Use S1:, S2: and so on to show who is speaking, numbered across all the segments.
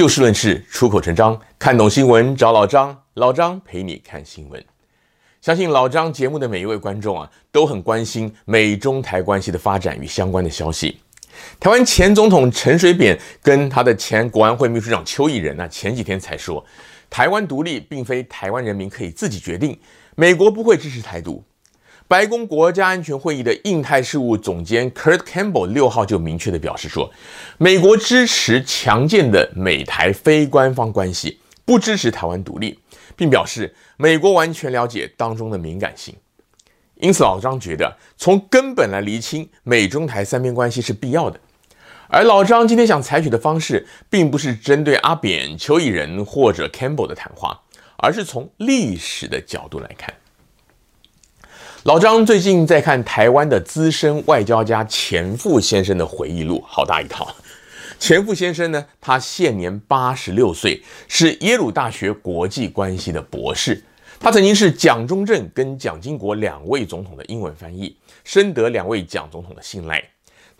S1: 就事論事，出口成章，看懂新聞找老張，老張陪你看新聞。相信老張節目的每一位觀眾啊，都很關心美中台關係的發展與相關的消息。台灣前總統陳水扁跟他的前國安會秘書長邱義仁呢、啊，前幾天才說，台灣獨立並非台灣人民可以自己決定，美國不會支持台獨。白宮國家安全會議的印太事務總監 Kurt Campbell 六號就明確地表示說，美國支持強健的美台非官方關係，不支持台灣獨立，並表示美國完全了解當中的敏感性。因此，老章覺得從根本來釐清美中台三邊關係是必要的。而老章今天想採取的方式，並不是針對阿扁、邱義仁或者 Campbell 的談話，而是從歷史的角度來看。老張最近在看台灣的資深外交家錢復先生的回憶錄，好大一套。錢復先生呢，他現年八十六歲，是耶魯大學國際關係的博士。他曾經是蔣中正跟蔣經國兩位總統的英文翻譯，深得兩位蔣總統的信賴。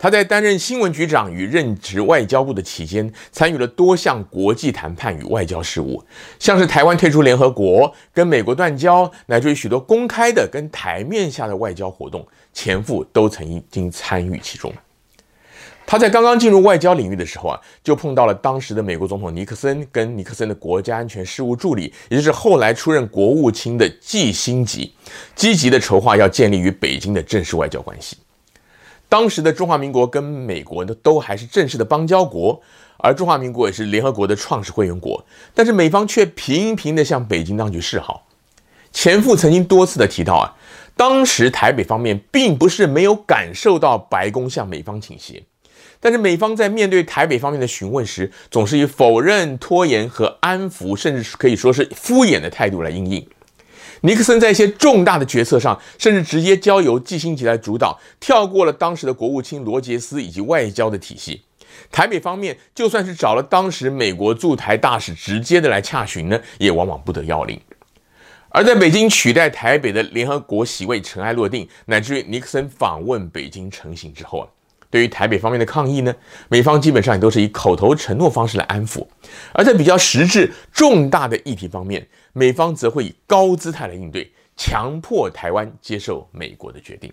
S1: 他在擔任新聞局長與任職外交部的期間，參與了多項國際談判與外交事務，像是台灣退出聯合國、跟美國斷交，乃至於許多公開的跟台面下的外交活動，錢復都曾經參與其中。他在剛剛進入外交領域的時候啊，就碰到了當時的美國總統尼克森跟尼克森的國家安全事務助理，也就是後來出任國務卿的季辛吉，積極的籌劃要建立與北京的正式外交關係。當時的中華民國跟美國呢，都還是正式的邦交國，而中華民國也是聯合國的創始會員國。但是美方卻頻頻的向北京當局示好。錢復曾經多次的提到啊，當時台北方面並不是沒有感受到白宮向美方傾斜，但是美方在面對台北方面的詢問時，總是以否認、拖延和安撫，甚至可以說是敷衍的態度來應對。尼克森在一些重大的決策上，甚至直接交由基辛格來主導，跳過了當時的國務卿羅傑斯以及外交的體系。台北方面就算是找了當時美國駐台大使直接的來洽詢呢，也往往不得要領。而在北京取代台北的聯合國席位塵埃落定，乃至於尼克森訪問北京成行之後啊，對於台北方面的抗議呢，美方基本上也都是以口頭承諾方式來安撫。而在比較實質重大的議題方面，美方則會以高姿態來應對，強迫臺灣接受美國的決定。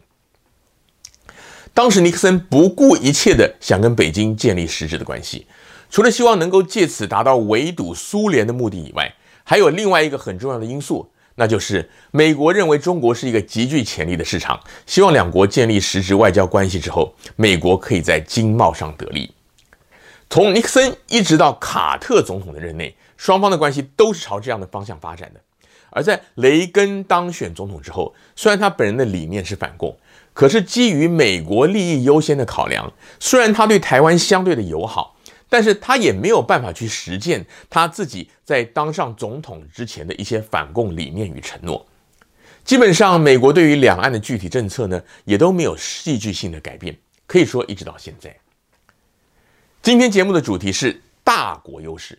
S1: 當時尼克森不顧一切的想跟北京建立實質的關係，除了希望能夠借此達到圍堵蘇聯的目的以外，還有另外一個很重要的因素，那就是美國認為中國是一個極具潛力的市場，希望兩國建立實質外交關係之後，美國可以在經貿上得利。從尼克森一直到卡特總統的任內，雙方的關係都是朝這樣的方向發展的。而在雷根當選總統之後，雖然他本人的理念是反共，可是基於美國利益優先的考量，雖然他對台灣相對的友好，但是他也沒有辦法去實踐他自己在當上總統之前的一些反共理念與承諾。基本上，美國對於兩岸的具體政策呢，也都沒有戲劇性的改變，可以說一直到現在。今天節目的主題是大國優勢，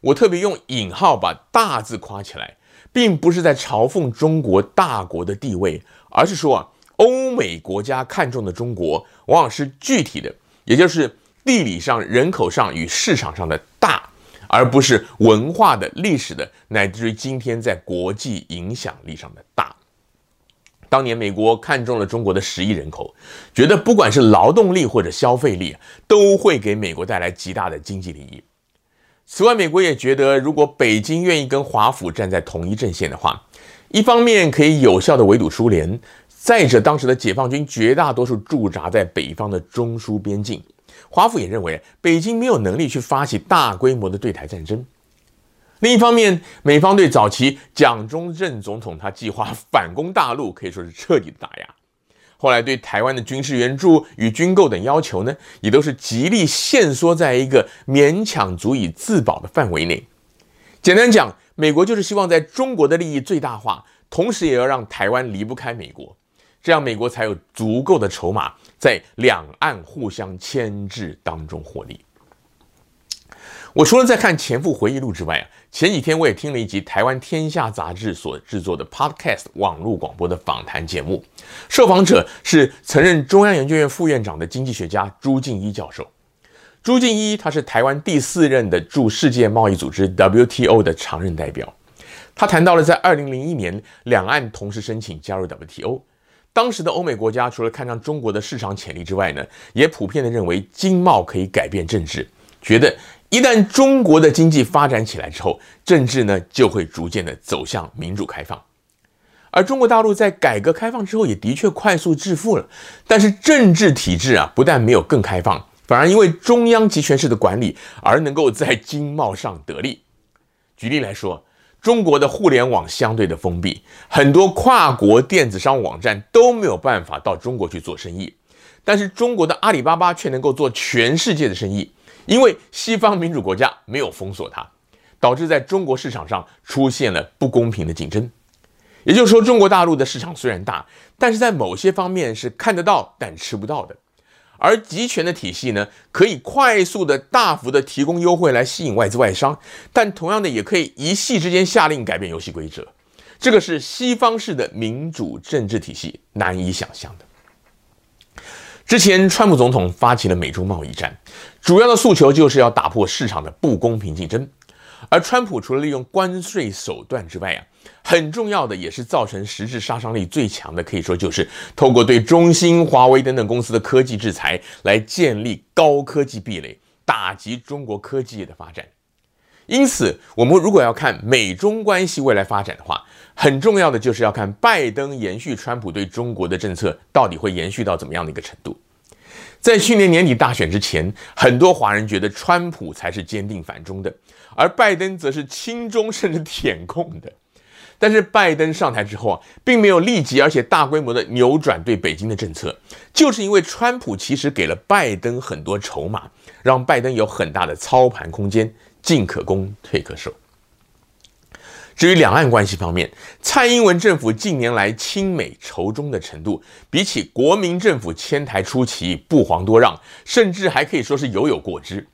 S1: 我特別用引號把“大”字誇起來，並不是在嘲諷中國大國的地位，而是說啊，歐美國家看中的中國，往往是具體的，也就是地理上、人口上與市場上的大，而不是文化的、歷史的，乃至於今天在國際影響力上的大。當年美國看中了中國的十億人口，覺得不管是勞動力或者消費力，都會給美國帶來極大的經濟利益。此外，美國也覺得，如果北京願意跟華府站在同一陣線的話，一方面可以有效的圍堵蘇聯，再者當時的解放軍絕大多數駐紮在北方的中蘇邊境。華府也認為北京沒有能力去發起大規模的對台戰爭。另一方面，美方對早期蔣中正總統他計劃反攻大陸可以說是徹底的打壓。後來對台灣的軍事援助與軍購等要求呢，也都是極力限縮在一個勉強足以自保的範圍內。簡單講，美國就是希望在中國的利益最大化，同時也要讓台灣離不開美國，這樣美國才有足夠的籌碼在兩岸互相牽制當中獲利。我除了在看前夫回憶錄之外啊，前幾天我也聽了一集台灣天下雜誌所制作的 Podcast 網絡廣播的訪談節目，受訪者是曾任中央研究院副院長的經濟學家朱敬一教授。朱敬一他是台灣第四任的駐世界貿易組織 WTO 的常任代表，他談到了在2001年兩岸同時申請加入 WTO，當時的歐美國家除了看上中國的市場潛力之外呢，也普遍地認為經貿可以改變政治，覺得一旦中國的經濟發展起來之後，政治呢就會逐漸的走向民主開放。而中國大陸在改革開放之後也的確快速致富了，但是政治體制啊不但沒有更開放，反而因為中央集權式的管理而能夠在經貿上得利。舉例來說，中國的互聯網相對的封閉，很多跨國電子商務網站都沒有辦法到中國去做生意，但是中國的阿里巴巴卻能夠做全世界的生意。因為西方民主國家沒有封鎖它，導致在中國市場上出現了不公平的競爭。也就是說，中國大陸的市場雖然大，但是在某些方面是看得到但吃不到的。而集權的體系呢，可以快速的、大幅的提供優惠來吸引外資外商，但同樣的也可以一夕之間下令改變遊戲規則。這個是西方式的民主政治體系難以想象的。之前，川普總統發起了美中貿易戰，主要的訴求就是要打破市場的不公平競爭。而川普除了利用關稅手段之外啊，很重要的也是造成實質殺傷力最強的，可以說就是透過對中興、華為等等公司的科技制裁，來建立高科技壁壘，打擊中國科技業的發展。因此，我們如果要看美中關係未來發展的話，很重要的就是要看拜登延續川普對中國的政策到底會延續到怎麼樣的一個程度。在去年年底大選之前，很多華人覺得川普才是堅定反中的，而拜登則是親中甚至舔共的。但是拜登上台之後啊，並沒有立即而且大規模的扭轉對北京的政策，就是因為川普其實給了拜登很多籌碼，讓拜登有很大的操盤空間。進可攻，退可守。至於兩岸關係方面，蔡英文政府近年來親美仇中的程度，比起國民政府遷台初期不遑多讓，甚至還可以說是猶有過之。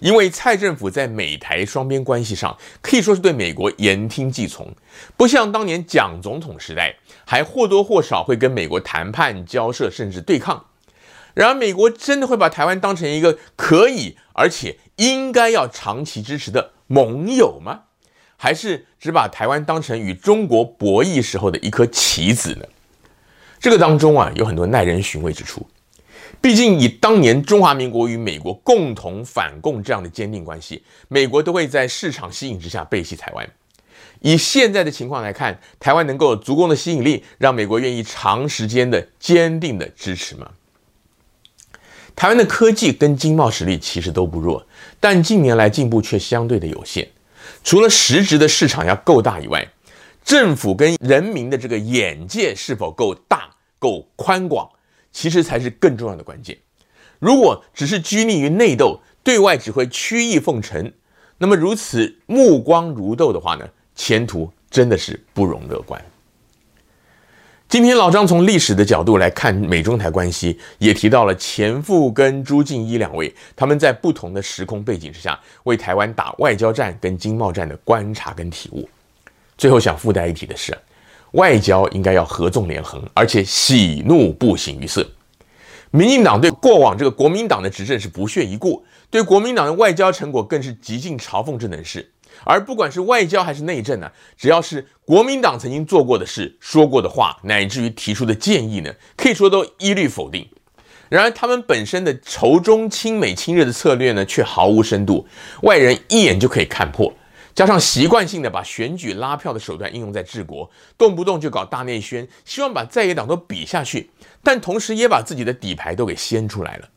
S1: 因為蔡政府在美台雙邊關係上，可以說是對美國言聽計從，不像當年蔣總統時代，還或多或少會跟美國談判交涉，甚至對抗。然而，美國真的會把台灣當成一個可以而且應該要長期支持的盟友嗎？還是只把台灣當成與中國博弈時候的一顆棋子呢？這個當中啊，有很多耐人尋味之處。畢竟以當年中華民國與美國共同反共這樣的堅定關係，美國都會在市場吸引之下背棄台灣。以現在的情況來看，台灣能夠有足夠的吸引力，讓美國願意長時間的堅定的支持嗎？台灣的科技跟經貿實力其實都不弱，但近年來進步卻相對的有限。除了實質的市場要夠大以外，政府跟人民的這個眼界是否夠大、夠寬廣，其實才是更重要的關鍵。如果只是拘泥於內鬥，對外只會曲意奉承，那麼如此目光如豆的話呢，前途真的是不容樂觀。今天老張從歷史的角度來看美中台關係，也提到了錢復跟朱敬一兩位，他們在不同的時空背景之下為台灣打外交戰跟經貿戰的觀察跟體悟。最後想附帶一提的是，外交應該要合縱連橫，而且喜怒不形於色。民進黨對過往這個國民黨的執政是不屑一顧，對國民黨的外交成果更是極盡嘲諷之能事。而不管是外交還是內政呢，啊，只要是國民黨曾經做過的事、說過的話，乃至於提出的建議呢，可以說都一律否定。然而，他們本身的仇中親美親日的策略呢，卻毫無深度，外人一眼就可以看破。加上習慣性的把選舉拉票的手段應用在治國，動不動就搞大內宣，希望把在野黨都比下去，但同時也把自己的底牌都給掀出來了。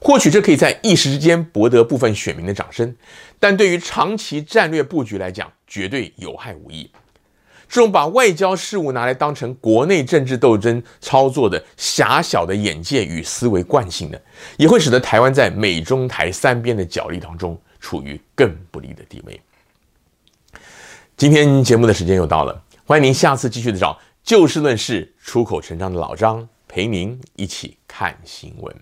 S1: 或許這可以在一時之間博得部分選民的掌聲，但對於長期戰略布局來講，絕對有害無益。這種把外交事務拿來當成國內政治鬥爭操作的狹小的眼界與思維慣性呢，也會使得台灣在美中台三邊的角力當中處於更不利的地位。今天節目的時間又到了，歡迎您下次繼續的找就事論事、出口成章的老張陪您一起看新聞。